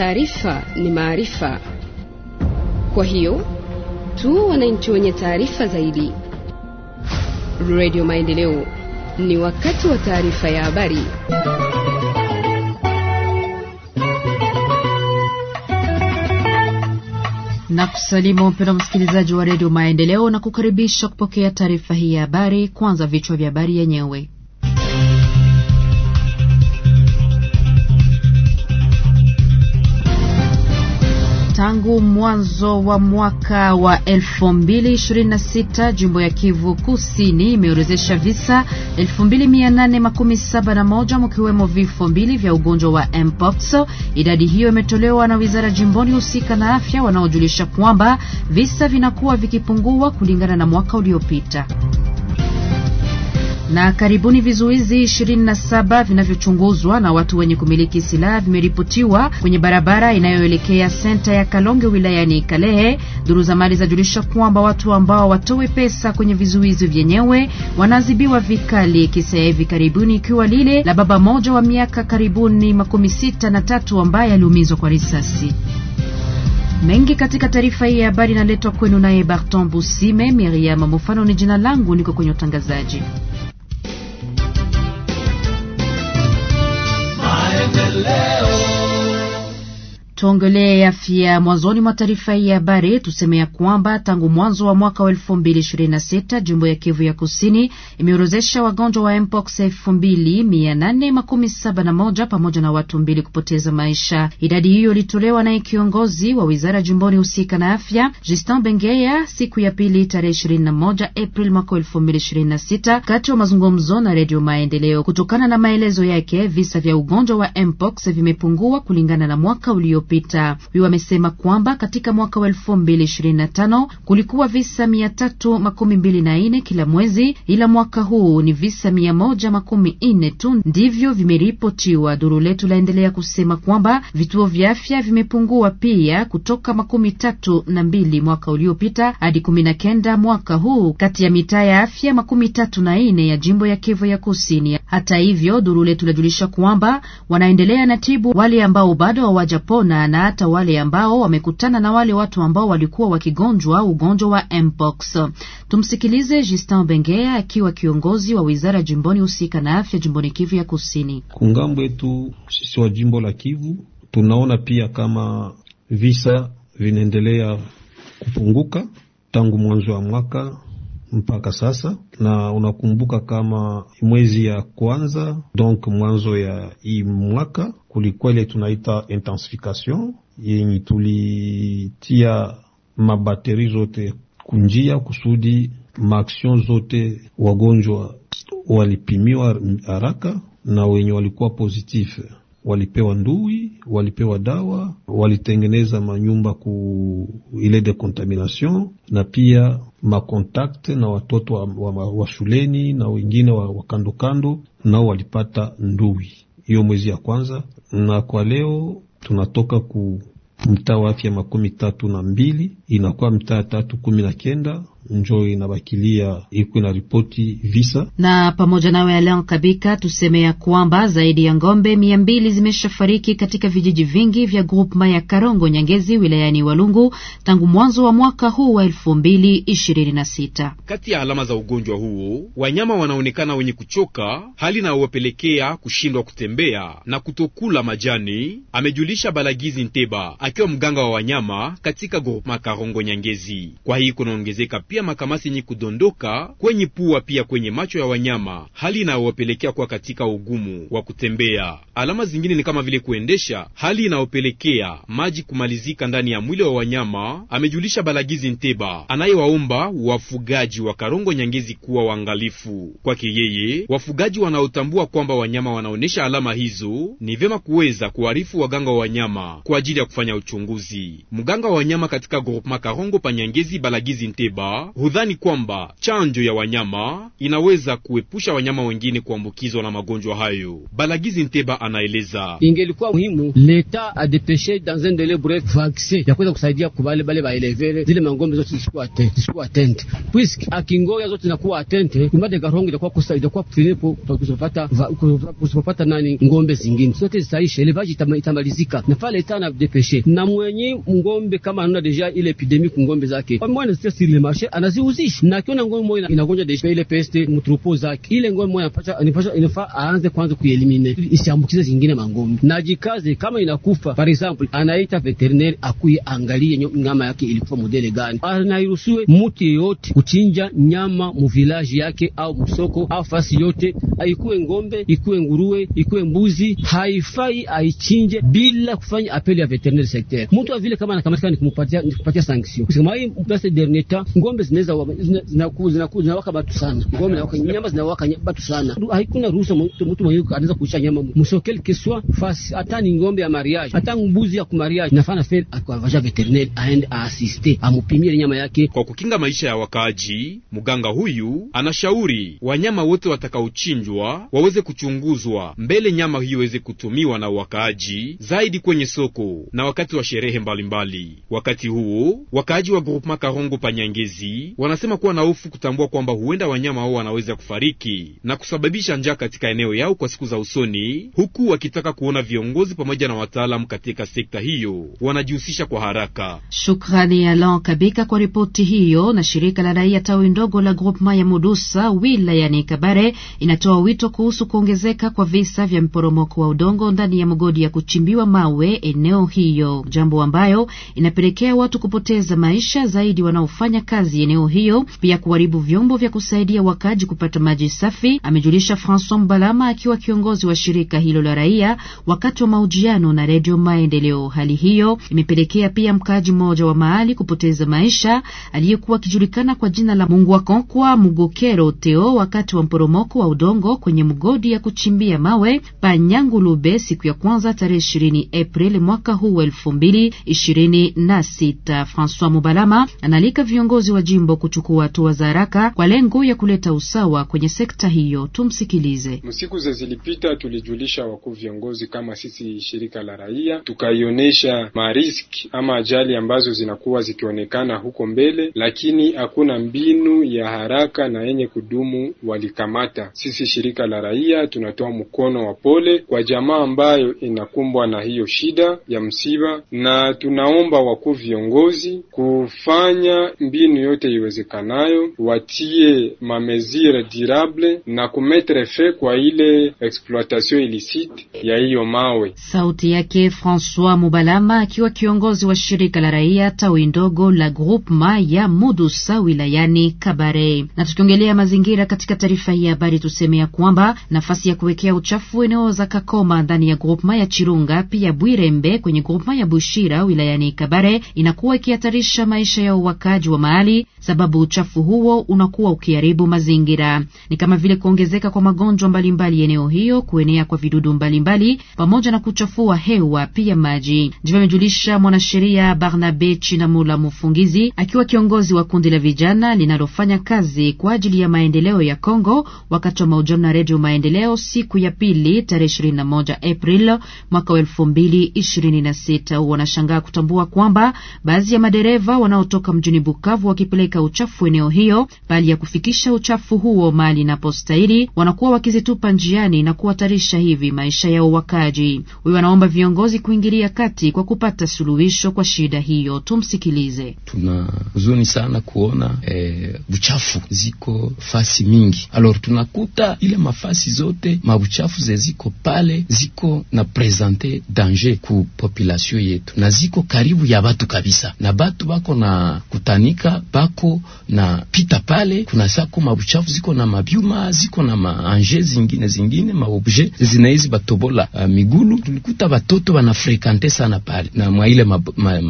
Taarifa ni maarifa, kwa hiyo tu wananchi wenye taarifa zaidi. Radio Maendeleo, ni wakati wa taarifa ya habari. na kusalimu mpendwa msikilizaji wa redio Maendeleo na kukaribisha kupokea taarifa hii ya habari. Kwanza vichwa vya habari yenyewe. Tangu mwanzo wa mwaka wa 2026 jimbo ya Kivu Kusini imeorezesha visa 2871 mkiwemo vifo mbili vya ugonjwa wa mpox. Idadi hiyo imetolewa na wizara jimboni husika na afya, wanaojulisha kwamba visa vinakuwa vikipungua kulingana na mwaka uliopita. Na karibuni, vizuizi 27 vinavyochunguzwa na watu wenye kumiliki silaha vimeripotiwa kwenye barabara inayoelekea senta ya Kalonge wilayani Kalehe. Duru za mali zajulisha kwamba watu ambao watowe pesa kwenye vizuizi vyenyewe wanaadhibiwa vikali. Kisa ya hivi karibuni ikiwa lile la baba moja wa miaka karibuni makumi sita na tatu ambaye aliumizwa kwa risasi. Mengi katika taarifa hii ya habari inaletwa kwenu naye Barton Busime. Miriam Mofano ni jina langu, niko kwenye utangazaji. let Tuongelee afya. Mwanzoni mwa taarifa hii ya habari tuseme ya kwamba tangu mwanzo wa mwaka wa elfu mbili ishirini na sita jimbo ya Kivu ya Kusini imeorozesha wagonjwa wa mpox elfu mbili mia nane makumi saba na moja pamoja na watu mbili kupoteza maisha. Idadi hiyo ilitolewa naye kiongozi wa wizara jimboni husika na afya Justin Bengeya siku ya pili tarehe ishirini na moja Aprili mwaka elfu mbili ishirini na sita kati wa mazungumzo na Redio Maendeleo. Kutokana na maelezo yake, visa vya ugonjwa wa mpox vimepungua kulingana na mwaka ulio Huyu Wamesema kwamba katika mwaka wa elfu mbili ishirini na tano kulikuwa visa mia tatu makumi mbili na nne kila mwezi, ila mwaka huu ni visa mia moja makumi nne tu ndivyo vimeripotiwa. Duru letu laendelea kusema kwamba vituo vya afya vimepungua pia kutoka makumi tatu na mbili mwaka uliopita hadi kumi na kenda mwaka huu kati ya mitaa ya afya makumi tatu na nne ya jimbo ya Kivu ya Kusini. Hata hivyo, duru letu lajulisha kwamba wanaendelea na tibu wale ambao bado hawajapona na hata wale ambao wamekutana na wale watu ambao walikuwa wakigonjwa ugonjwa wa mpox. Tumsikilize Justin Bengea akiwa kiongozi wa wizara jimboni husika na afya jimboni Kivu ya Kusini. Kungambo yetu sisi wa jimbo la Kivu tunaona pia kama visa vinaendelea kupunguka tangu mwanzo wa mwaka mpaka sasa, na unakumbuka kama mwezi ya kwanza donc mwanzo ya hii mwaka kulikuwa ile tunaita intensification yenye tulitia mabateri zote kunjia kusudi maaksion zote wagonjwa walipimiwa haraka na wenye walikuwa positif walipewa ndui, walipewa dawa, walitengeneza manyumba ku ile decontamination na pia makontakte na watoto wa, wa, wa shuleni na wengine wa, wa kando kando nao walipata ndui hiyo mwezi ya kwanza. Na kwa leo tunatoka ku mtaa wa afya makumi tatu na mbili inakuwa mtaa tatu kumi na kenda njo inabakilia ikuwe na ripoti visa. Na pamoja nawe Alain Kabika, tuseme ya kwamba zaidi ya ng'ombe mia mbili zimeshafariki katika vijiji vingi vya grupma ya Karongo Nyangezi wilayani Walungu tangu mwanzo wa mwaka huu wa elfu mbili ishirini na sita. Kati ya alama za ugonjwa huo, wanyama wanaonekana wenye kuchoka, hali inayowapelekea kushindwa kutembea na kutokula majani, amejulisha Balagizi Nteba akiwa mganga wa wanyama katika grupma Karongo Nyangezi. Kwa hii kunaongezeka pia pia makamasi yenye kudondoka kwenye pua pia kwenye macho ya wanyama, hali inayowapelekea kuwa katika ugumu wa kutembea. Alama zingine ni kama vile kuendesha, hali inayopelekea maji kumalizika ndani ya mwili wa wanyama, amejulisha Balagizi Nteba anayewaomba wafugaji wa Karongo Nyangezi kuwa waangalifu. Kwake yeye, wafugaji wanaotambua kwamba wanyama wanaonyesha alama hizo ni vyema kuweza kuarifu waganga wa wanyama kwa ajili ya kufanya uchunguzi. Mganga wa wanyama katika groupema Karongo pa Balagizi Nteba hudhani kwamba chanjo ya wanyama inaweza kuepusha wanyama wengine kuambukizwa na magonjwa hayo. Balagizi Nteba anaeleza, ingelikuwa muhimu leta adepeshe dans un délai bref vaccin ya kuweza kusaidia kubale bale baelevere zile mangombe zote zisikuwa atente puisque akingoya zote nakuwa atente kumade garongo itakuwa itakuwa finipo kusopata kusopata nani ngombe zingine zote zisaishe elevaji itamalizika na pale itana adepeshe na mwenye ngombe kama anaona deja ile epidemie ku ngombe zake amwana stress ile marche anazihuzisha, na akiona ngombe moja inagonja deja ile peste mutrupo zake, ile ngombe moja anapasha inafaa aanze kwanza kuielimine isiambukize zingine mangombe, na jikaze kama inakufa, for example, anaita veterinary akuye angalie nyama yake ilikufa modele gani, anairuhusiwe mtu yeyote kuchinja nyama mu village yake au msoko au fasi yote, ikuwe ngombe ikuwe nguruwe ikuwe mbuzi, haifai aichinje bila kufanya apeli ya veterinary secteur. Mtu avile kama anakamatika, nikumpatia nikupatia sanction kama hii basi dernier temps ngombe ng'ombe zinaweza zinawaka batu sana, ngombe na nyama zinawaka batu sana. Haikuna ruhusa mtu mtu mwenye anaweza kuisha nyama musokel keswa fasi, hata ni ng'ombe ya mariage, hata mbuzi ya kumariage nafana feri akavasha veterinel aende aasiste amupimie nyama yake kwa kukinga maisha ya wakaaji. Mganga huyu anashauri wanyama wote watakaochinjwa waweze kuchunguzwa mbele nyama hiyo iweze kutumiwa na wakaaji zaidi kwenye soko na wakati wa sherehe mbalimbali mbali. Wakati huo wakaaji wa groupema Karongo Panyangezi wanasema kuwa na hofu kutambua kwamba huenda wanyama hao wanaweza kufariki na kusababisha njaa katika eneo yao kwa siku za usoni, huku wakitaka kuona viongozi pamoja na wataalamu katika sekta hiyo wanajihusisha kwa haraka. Shukrani ya lan Kabika kwa ripoti hiyo. Na shirika la raia tawi ndogo la Groupema ya Mudusa wilayani Kabare inatoa wito kuhusu kuongezeka kwa visa vya mporomoko wa udongo ndani ya mgodi ya kuchimbiwa mawe eneo hiyo, jambo ambayo inapelekea watu kupoteza maisha zaidi wanaofanya kazi wakazi eneo hiyo, pia kuharibu vyombo vya kusaidia wakaji kupata maji safi, amejulisha Francois Mbalama akiwa kiongozi wa shirika hilo la raia wakati wa mahojiano na Redio Maendeleo. Hali hiyo imepelekea pia mkaaji mmoja wa mahali kupoteza maisha aliyekuwa akijulikana kwa jina la Mungwakonkwa Mugokero Teo wakati wa mporomoko wa udongo kwenye mgodi ya kuchimbia mawe Panyangulube siku ya kwanza tarehe ishirini Aprili mwaka huu elfu mbili ishirini na sita. Francois Mubalama analika viongozi wa jimbo kuchukua hatua za haraka kwa lengo ya kuleta usawa kwenye sekta hiyo. Tumsikilize. Msiku za zilipita, tulijulisha wakuu viongozi kama sisi shirika la raia, tukaionyesha mariski ama ajali ambazo zinakuwa zikionekana huko mbele, lakini hakuna mbinu ya haraka na yenye kudumu walikamata. Sisi shirika la raia tunatoa mkono wa pole kwa jamaa ambayo inakumbwa na hiyo shida ya msiba, na tunaomba wakuu viongozi kufanya mbinu yote yote iwezekanayo, watie mamezire durable na kumetre fe kwa ile exploitation illicite ya hiyo mawe. Sauti yake François Mubalama akiwa kiongozi wa shirika la raia tawi ndogo la groupema ya Mudusa wilayani Kabare. Na tukiongelea mazingira katika taarifa hii ya habari, tusemea kwamba nafasi ya kuwekea uchafu eneo za Kakoma ndani ya groupema ya Chirunga pia Bwirembe kwenye groupema ya Bushira wilayani Kabare inakuwa ikihatarisha maisha ya uwakaji wa mahali sababu uchafu huo unakuwa ukiharibu mazingira, ni kama vile kuongezeka kwa magonjwa mbalimbali eneo hiyo, kuenea kwa vidudu mbalimbali mbali, pamoja na kuchafua hewa pia maji. Ndivyo amejulisha mwanasheria Barnabe Chinamula Mufungizi akiwa kiongozi wa kundi la vijana linalofanya kazi kwa ajili ya maendeleo ya Kongo wakati wa mahojiano na Redio Maendeleo siku ya pili tarehe 21 April mwaka wa 2026. Wanashangaa kutambua kwamba baadhi ya madereva wanaotoka mjini Bukavu wakipeleka kupeleka uchafu eneo hiyo, bali ya kufikisha uchafu huo mahali inapostahili, wanakuwa wakizitupa njiani na kuhatarisha hivi maisha ya wakaji. Huyu anaomba viongozi kuingilia kati kwa kupata suluhisho kwa shida hiyo. Tumsikilize. Tuna huzuni sana kuona e, buchafu ziko fasi mingi, alor tunakuta ile mafasi zote mauchafu ze ziko pale ziko na presente danger ku population yetu, na ziko karibu ya batu kabisa, na batu bako na kutanika bako bako na pita pale, kuna sako mabuchafu ziko na mabyuma ziko na maanje zingine zingine maobje zinaizi batobola uh, migulu. Tulikuta batoto banafrekante sana pale na mwaile madepotoire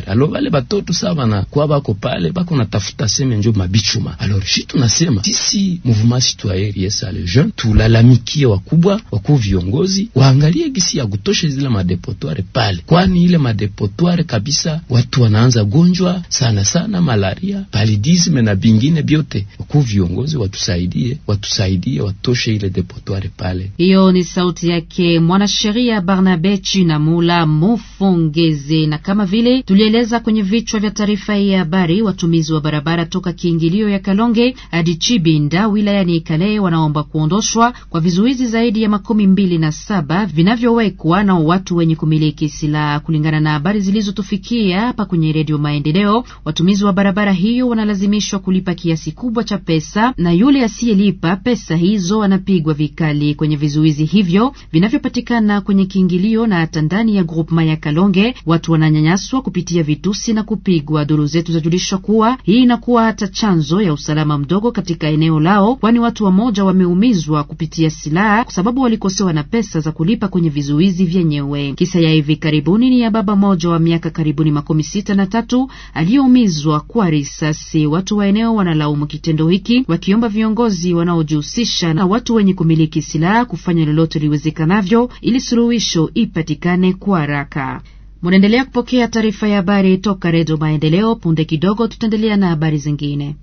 ma, ma, ma alo bale batoto saa banakuwa bako pale bako natafuta seme njo mabichuma. Alors shi tunasema sisi mouvement citoyen yesa le jeune tulalamikie wakubwa wakuu viongozi waangalie gisi ya kutosha zile madepotoire pale, kwani ile madepotoire kabisa watu wanaanza gonjwa sana sana mala malaria, palidisme na vingine vyote. Ku viongozi watusaidie, watusaidie watoshe ile depotoire pale. Hiyo ni sauti yake mwanasheria Barnabe Chinamula Mufongeze. Na kama vile tulieleza kwenye vichwa vya taarifa hii ya habari, watumizi wa barabara toka kiingilio ya Kalonge hadi Chibinda wilayani Ikale wanaomba kuondoshwa kwa vizuizi zaidi ya makumi mbili na saba vinavyowekwa na watu wenye kumiliki silaha, kulingana na habari zilizotufikia hapa kwenye Redio Maendeleo. Watumizi wa barabara barabara hiyo wanalazimishwa kulipa kiasi kubwa cha pesa, na yule asiyelipa pesa hizo anapigwa vikali kwenye vizuizi hivyo vinavyopatikana kwenye kiingilio na hata ndani ya groupema ya Kalonge. Watu wananyanyaswa kupitia vitusi na kupigwa. Duru zetu zajulishwa kuwa hii inakuwa hata chanzo ya usalama mdogo katika eneo lao, kwani watu wamoja wameumizwa kupitia silaha kwa sababu walikosewa na pesa za kulipa kwenye vizuizi vyenyewe. Kisa ya hivi karibuni ni ya baba mmoja wa miaka karibuni makumi sita na tatu aliyeumizwa kwa risasi. Watu wa eneo wanalaumu kitendo hiki, wakiomba viongozi wanaojihusisha na watu wenye kumiliki silaha kufanya lolote liwezekanavyo ili suluhisho ipatikane kwa haraka. Munaendelea kupokea taarifa ya habari toka Redio Maendeleo. Punde kidogo tutaendelea na habari zingine.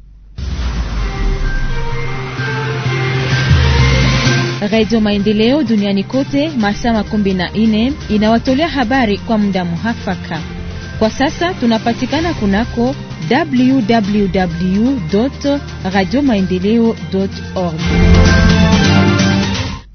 Redio Maendeleo duniani kote masaa makumi na nne inawatolea habari kwa muda muhafaka. Kwa sasa tunapatikana kunako www radio maendeleo org.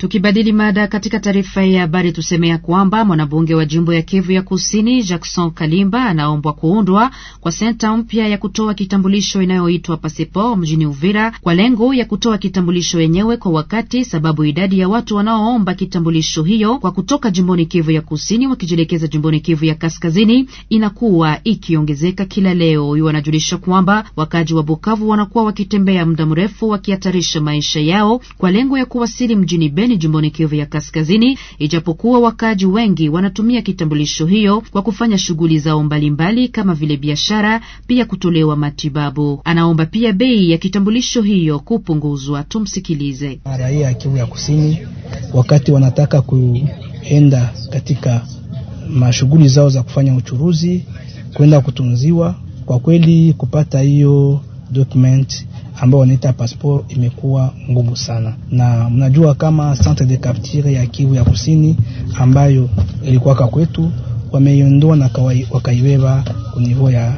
Tukibadili mada katika taarifa hii ya habari, tusemea kwamba mwanabunge wa jimbo ya Kivu ya Kusini Jackson Kalimba anaombwa kuundwa kwa senta mpya ya kutoa kitambulisho inayoitwa Pasipo mjini Uvira kwa lengo ya kutoa kitambulisho yenyewe kwa wakati, sababu idadi ya watu wanaoomba kitambulisho hiyo kwa kutoka jimboni Kivu ya Kusini wakijielekeza jimboni Kivu ya Kaskazini inakuwa ikiongezeka kila leo. Huyu anajulisha kwamba wakaji wa Bukavu wanakuwa wakitembea muda mrefu wakihatarisha maisha yao kwa lengo ya kuwasili mjini Beni kusini jimboni Kivu ya Kaskazini, ijapokuwa wakaaji wengi wanatumia kitambulisho hiyo kwa kufanya shughuli zao mbalimbali mbali, kama vile biashara, pia kutolewa matibabu. Anaomba pia bei ya kitambulisho hiyo kupunguzwa. Tumsikilize. Raia ya Kivu ya Kusini wakati wanataka kuenda katika mashughuli zao za kufanya uchuruzi, kwenda kutunziwa, kwa kweli kupata hiyo document ambao wanaita passport imekuwa ngumu sana, na mnajua kama centre de capture ya Kivu ya Kusini ambayo ilikuwaka kwetu wameiondoa na wakaiweba kunivo ya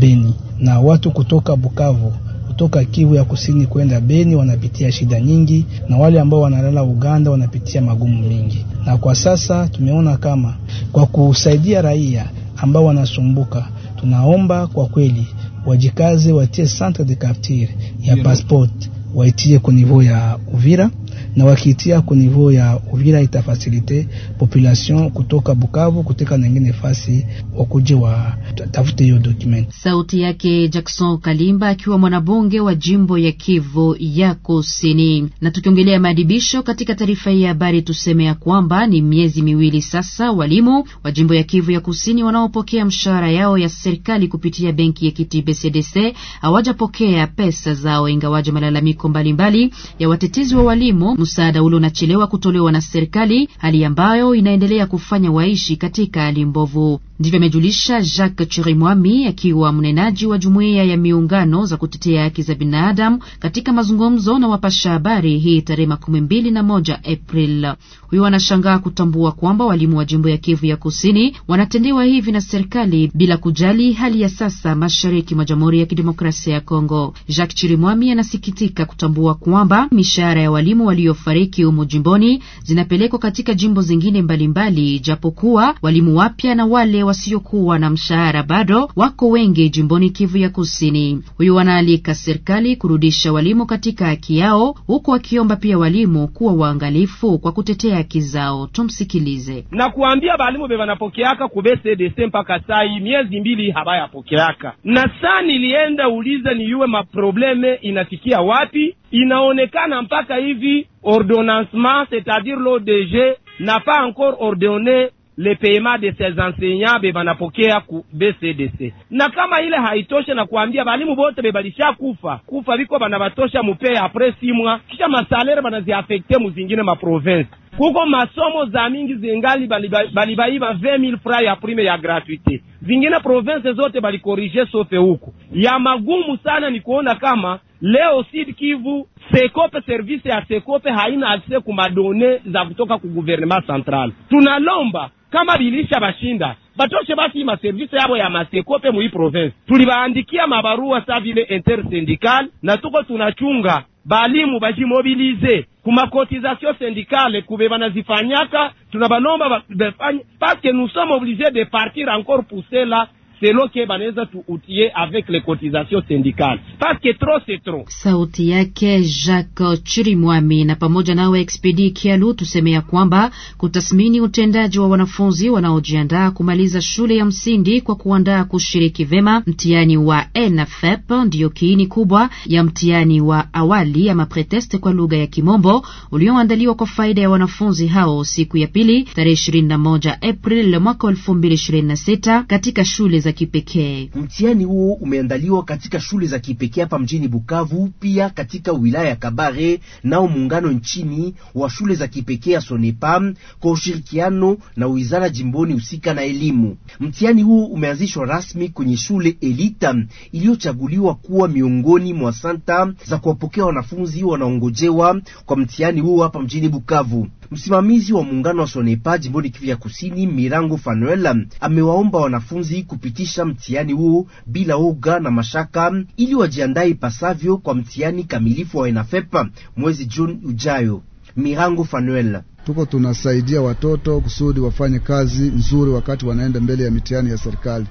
Beni, na watu kutoka Bukavu kutoka Kivu ya Kusini kwenda Beni wanapitia shida nyingi, na wale ambao wanalala Uganda wanapitia magumu mingi. Na kwa sasa tumeona kama kwa kusaidia raia ambao wanasumbuka, tunaomba kwa kweli wajikaze, watie centre de capture ya passport waitie ku niveau ya Uvira na wakitia ku niveau ya Uvira itafasilite population kutoka Bukavu kutoka na fasi wakuje wa tafute hiyo document. Sauti yake Jackson Kalimba akiwa mwanabunge wa jimbo ya Kivu ya Kusini. Na tukiongelea maadibisho katika taarifa hii ya habari, tuseme ya kwamba ni miezi miwili sasa walimu wa jimbo ya Kivu ya Kusini wanaopokea mshahara yao ya serikali kupitia benki ya Kiti BCDC hawajapokea pesa zao, ingawaje malalamiko mbalimbali ya watetezi wa walimu msaada ule unachelewa kutolewa na serikali, hali ambayo inaendelea kufanya waishi katika hali mbovu. Ndivyo amejulisha Jacques Chirimwami akiwa mnenaji wa jumuiya ya miungano za kutetea haki za binadamu katika mazungumzo na wapasha habari hii tarehe makumi mbili na moja April. Huyo anashangaa kutambua kwamba walimu wa jimbo ya Kivu ya Kusini wanatendewa hivi na serikali bila kujali hali ya sasa mashariki mwa Jamhuri ya Kidemokrasia ya Kongo. Jacques Chirimwami anasikitika kutambua kwamba mishahara ya walimu waliofariki humo jimboni zinapelekwa katika jimbo zingine mbalimbali, japokuwa walimu wapya na wale wasiokuwa na mshahara bado wako wengi jimboni Kivu ya Kusini. Huyu wanaalika serikali kurudisha walimu katika haki yao, huku wakiomba pia walimu kuwa waangalifu kwa kutetea haki zao. Tumsikilize. na kuambia balimu be banapokeaka kubcdc mpaka sai miezi mbili habayapokeaka, na saa nilienda uliza niyuwe maprobleme inafikia wapi, inaonekana mpaka hivi ordonnancement c'est-à-dire l'ODG n'a pas encore ordonné le paiement de ses enseignants be banapokea ku BCDC. Na kama ile haitoshe, na kuambia balimu bote bebalisha kufa kufa biko banabatosha mupee apres simwa kisha masalere banaziafekte muzingine maprovince kuko masomo za mingi zingali balibaiba 20000 fra ya prime ya gratuite, zingine province zote balikorije sofe huko. Ya magumu sana ni kuona kama leo Sud Kivu Sekope, service ya Sekope haina akse kumadone za kutoka ku gouvernement central. Tunalomba kama bilisha bashinda batoshe basi maservisi yabo ya masekope muyi province. Tulibaandikia mabarua sa vile intersyndical na tuko tunachunga balimu bajimobilize kumakotization syndicale kube banazifanyaka, tunabanomba bafanye parce que nous sommes obligés de partir encore pour cela selo ke banaweza tuutie avec les cotisations syndicales parce que trop c'est trop. Sauti yake Jacques Chirimwami. Na pamoja nawe Expedi Kialu, tusemea kwamba kutathmini utendaji wa wanafunzi wanaojiandaa kumaliza shule ya msingi kwa kuandaa kushiriki vema mtihani wa NFEP ndiyo kiini kubwa ya mtihani wa awali ya pretest kwa lugha ya Kimombo ulioandaliwa kwa faida ya wanafunzi hao siku ya pili tarehe 21 Aprili mwaka 2026 katika shule za kipekee. Mtihani huo umeandaliwa katika shule za kipekee hapa mjini Bukavu, pia katika wilaya ya Kabare, nao muungano nchini wa shule za kipekee ya Sonepam kwa ushirikiano na wizara jimboni husika na elimu. Mtihani huo umeanzishwa rasmi kwenye shule Elita iliyochaguliwa kuwa miongoni mwa santa za kuwapokea wanafunzi wanaongojewa kwa mtihani huo hapa mjini Bukavu. Msimamizi wa muungano wa Sonepa jimboni Kivu ya Kusini, Mirango Fanuel, amewaomba wanafunzi kupitisha mtihani huo bila uga na mashaka ili wajiandae ipasavyo kwa mtihani kamilifu wa ENAFEP mwezi Juni ujayo. Mirango Fanuel: tuko tunasaidia watoto kusudi wafanye kazi nzuri wakati wanaenda mbele ya mitihani ya serikali,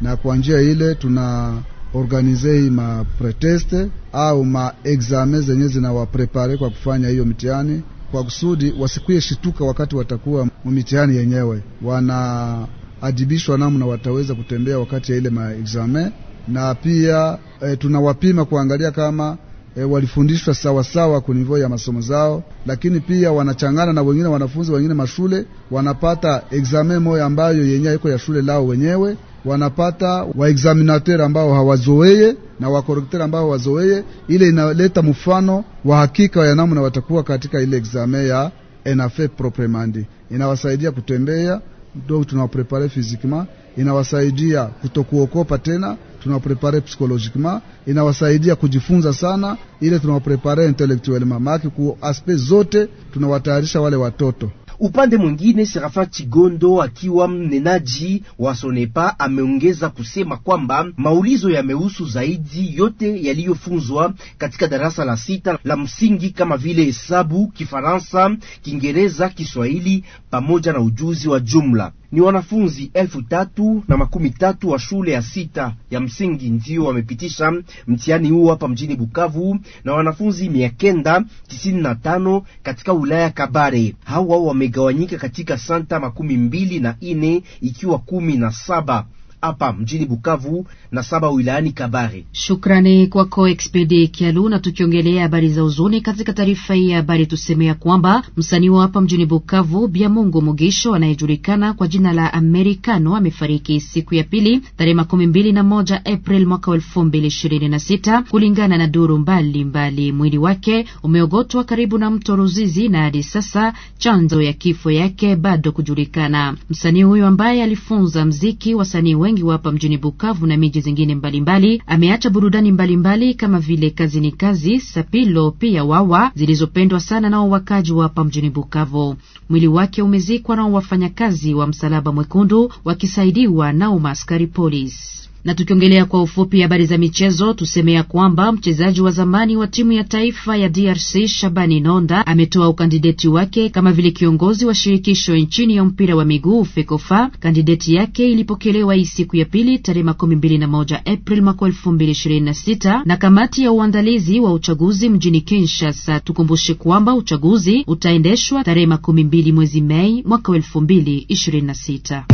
na kwa njia ile tuna organizei ma preteste au ma exame zenye zinawaprepare kwa kufanya hiyo mitihani kwa kusudi wasikuye shituka wakati watakuwa mmitihani yenyewe, wanaadibishwa namna wataweza kutembea wakati ya ile maexame, na pia e, tunawapima kuangalia kama e, walifundishwa sawasawa kunivyo ya masomo zao, lakini pia wanachangana na wengine wanafunzi wengine mashule wanapata exame moya ambayo yenyewe iko ya shule lao wenyewe wanapata waexaminateur ambao hawazoeye na wakorekteur ambao wazoeye, ile inaleta mfano wa hakika ya namna watakuwa katika ile examen ya ENAFE propremandi. Inawasaidia kutembea, ndio tunawaprepare physiquement, inawasaidia kutokuokopa tena tunawaprepare psychologiquement, inawasaidia kujifunza sana, ile tunawaprepare intellectuellement, maake ku aspect zote tunawatayarisha wale watoto. Upande mwingine, Serafa Chigondo akiwa mnenaji wa Sonepa ameongeza kusema kwamba maulizo yamehusu zaidi yote yaliyofunzwa katika darasa la sita la msingi kama vile hesabu, Kifaransa, Kiingereza, Kiswahili pamoja na ujuzi wa jumla. Ni wanafunzi elfu tatu na makumi tatu wa shule ya sita ya msingi ndio wamepitisha mtihani huo hapa mjini Bukavu na wanafunzi mia kenda tisini na tano katika wilaya Kabare. Hawa wame imegawanyika katika santa makumi mbili na ine ikiwa kumi na saba hapa mjini Bukavu na saba wilayani Kabare. Shukrani kwako Expedi Kialu. Na tukiongelea habari za uzuni katika taarifa hii ya habari, tusemea kwamba msanii wa hapa mjini Bukavu Biamungu Mugisho anayejulikana kwa jina la Americano amefariki siku ya pili tarehe makumi mbili na moja April mwaka elfu mbili ishirini na sita kulingana na duru mbalimbali mbali. Mwili wake umeogotwa karibu na mto Ruzizi na hadi sasa chanzo ya kifo yake bado kujulikana. Msanii huyo ambaye alifunza mziki wasanii wengi wapa mjini Bukavu na miji zingine mbalimbali. Ameacha burudani mbalimbali mbali kama vile kazi ni kazi, sapilo pia wawa zilizopendwa sana nao wakaji wapa mjini Bukavu. Mwili wake umezikwa nao wafanyakazi wa Msalaba Mwekundu wakisaidiwa nao maaskari polisi. Na tukiongelea kwa ufupi habari za michezo, tuseme ya kwamba mchezaji wa zamani wa timu ya taifa ya DRC Shabani Nonda ametoa ukandideti wake kama vile kiongozi wa shirikisho nchini ya mpira wa miguu FECOFA. Kandideti yake ilipokelewa hii siku ya pili tarehe makumi mbili na moja Aprili mwaka elfu mbili ishirini na sita na kamati ya uandalizi wa uchaguzi mjini Kinshasa. Tukumbushe kwamba uchaguzi utaendeshwa tarehe makumi mbili mwezi Mei mwaka elfu mbili ishirini na sita.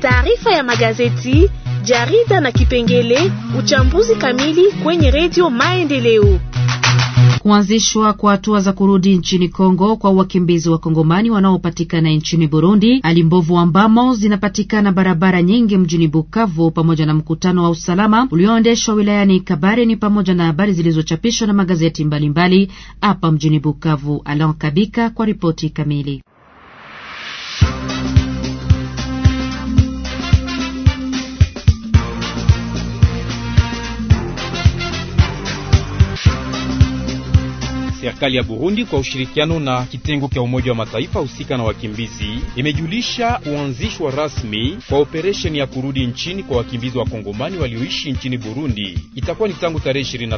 Taarifa ya magazeti jarida na kipengele uchambuzi kamili kwenye redio Maendeleo. Kuanzishwa kwa hatua za kurudi nchini Kongo kwa wakimbizi wa Kongomani wanaopatikana nchini Burundi, hali mbovu ambamo zinapatikana barabara nyingi mjini Bukavu, pamoja na mkutano wa usalama ulioendeshwa wilayani Kabare ni pamoja na habari zilizochapishwa na magazeti mbalimbali hapa mjini Bukavu. Alan Kabika kwa ripoti kamili. Serikali ya Burundi kwa ushirikiano na kitengo cha Umoja wa Mataifa husika na wakimbizi imejulisha kuanzishwa rasmi kwa operesheni ya kurudi nchini kwa wakimbizi wa Kongomani walioishi nchini Burundi. Itakuwa ni tangu tarehe 23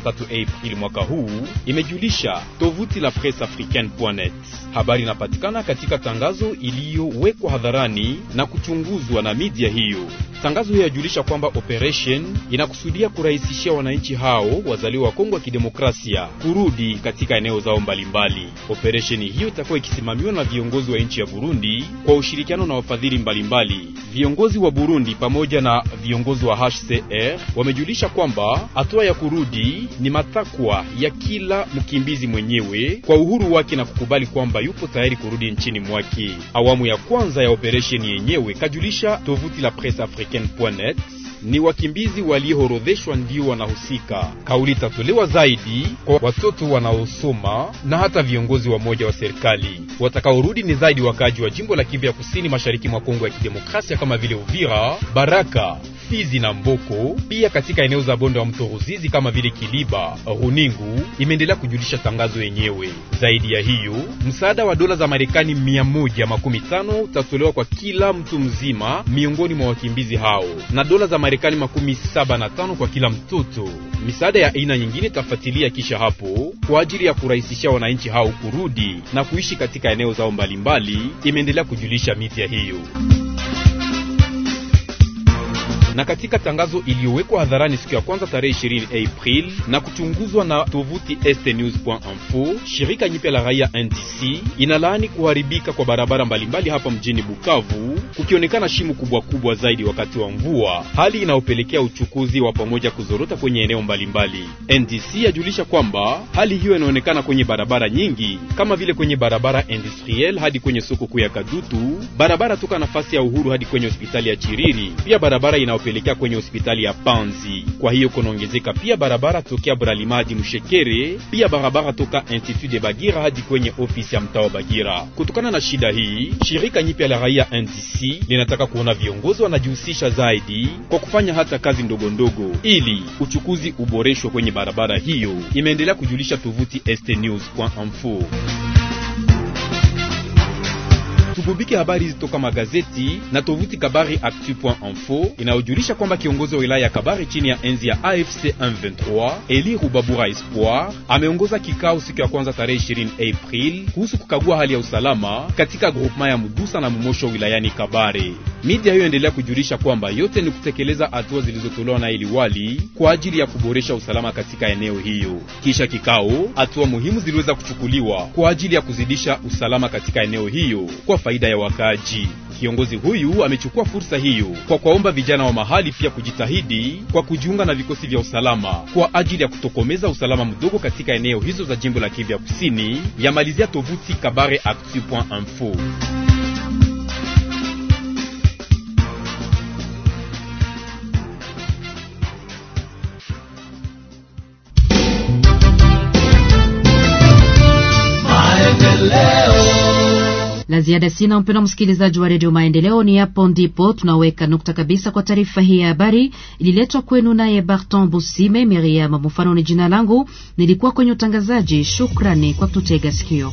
Aprili mwaka huu, imejulisha tovuti la Press Africaine.net. Habari inapatikana katika tangazo iliyowekwa hadharani na kuchunguzwa na media hiyo. Tangazo hiyo yajulisha kwamba operation inakusudia kurahisishia wananchi hao wazaliwa wa Kongo ya Kidemokrasia kurudi katika eneo zao mbalimbali. Operation hiyo itakuwa ikisimamiwa na viongozi wa nchi ya Burundi kwa ushirikiano na wafadhili mbalimbali. Viongozi wa Burundi pamoja na viongozi wa HCR wamejulisha kwamba hatua ya kurudi ni matakwa ya kila mkimbizi mwenyewe kwa uhuru wake na kukubali kwamba yupo tayari kurudi nchini mwake. Awamu ya kwanza ya operation yenyewe, kajulisha tovuti la Presse Africaine African.net ni wakimbizi waliohorodheshwa ndio wanahusika. Kauli itatolewa zaidi kwa watoto wanaosoma na hata viongozi wa moja wa serikali. Watakaorudi ni zaidi wakaaji wa jimbo la Kivu ya Kusini, mashariki mwa Kongo ya Kidemokrasia, kama vile Uvira, Baraka, Fizi na Mboko, pia katika eneo za bonde wa mto Ruzizi kama vile Kiliba. Runingu imeendelea kujulisha tangazo yenyewe. Zaidi ya hiyo, msaada wa dola za Marekani 115 utatolewa kwa kila mtu mzima miongoni mwa wakimbizi hao na dola za Marekani 75 kwa kila mtoto. Misaada ya aina nyingine tafatilia kisha hapo kwa ajili ya kurahisisha wananchi hao kurudi na kuishi katika eneo zao mbalimbali, imeendelea kujulisha mitia hiyo na katika tangazo iliyowekwa hadharani siku ya kwanza tarehe 20 April na kuchunguzwa na tovuti estnews.info, shirika nyipya la raia NDC inalaani kuharibika kwa barabara mbalimbali hapa mjini Bukavu, kukionekana shimo kubwa kubwa zaidi wakati wa mvua, hali inayopelekea uchukuzi wa pamoja kuzorota kwenye eneo mbalimbali. NDC yajulisha kwamba hali hiyo inaonekana kwenye barabara nyingi kama vile kwenye barabara industriel hadi kwenye soko kuu ya Kadutu, barabara toka nafasi ya Uhuru hadi kwenye hospitali ya Chiriri, pia barabara ina kuelekea kwenye hospitali ya Panzi. Kwa hiyo kunaongezeka pia barabara tokea Bralima hadi Mshekere, pia barabara toka Institut de Bagira hadi kwenye ofisi ya mtaa wa Bagira. Kutokana na shida hii, shirika nyipya la raia NDC linataka kuona viongozi wanajihusisha zaidi kwa kufanya hata kazi ndogondogo ili uchukuzi uboreshwe kwenye barabara hiyo. Imeendelea kujulisha tovuti ST News kwa Tugubiki habari zitoka magazeti na tovuti kabari actu.info inayojulisha kwamba kiongozi wa wilaya ya Kabari chini ya enzi ya AFC 123 Eli Rubabura Espoir ameongoza kikao siku ya kwanza tarehe 20 April kuhusu kukagua hali ya usalama katika grupema ya Mudusa na Mumosho wilayani Kabare. Media hiyo endelea kujulisha kwamba yote ni kutekeleza hatua zilizotolewa na iliwali kwa ajili ya kuboresha usalama katika eneo hiyo. Kisha kikao, hatua muhimu ziliweza kuchukuliwa kwa ajili ya kuzidisha usalama katika eneo hiyo kwa faida faida ya wakaaji. Kiongozi huyu amechukua fursa hiyo kwa kuwaomba vijana wa mahali pia kujitahidi kwa kujiunga na vikosi vya usalama kwa ajili ya kutokomeza usalama mdogo katika eneo hizo za jimbo la Kivu ya Kusini. Yamalizia tovuti kabareactu.info. ziada sina, mpendo msikilizaji wa redio Maendeleo, ni hapo ndipo tunaweka nukta kabisa kwa taarifa hii ya habari. Ililetwa kwenu naye Barton Busime. Miriam mfano ni jina langu, nilikuwa kwenye utangazaji. Shukrani kwa kututega sikio.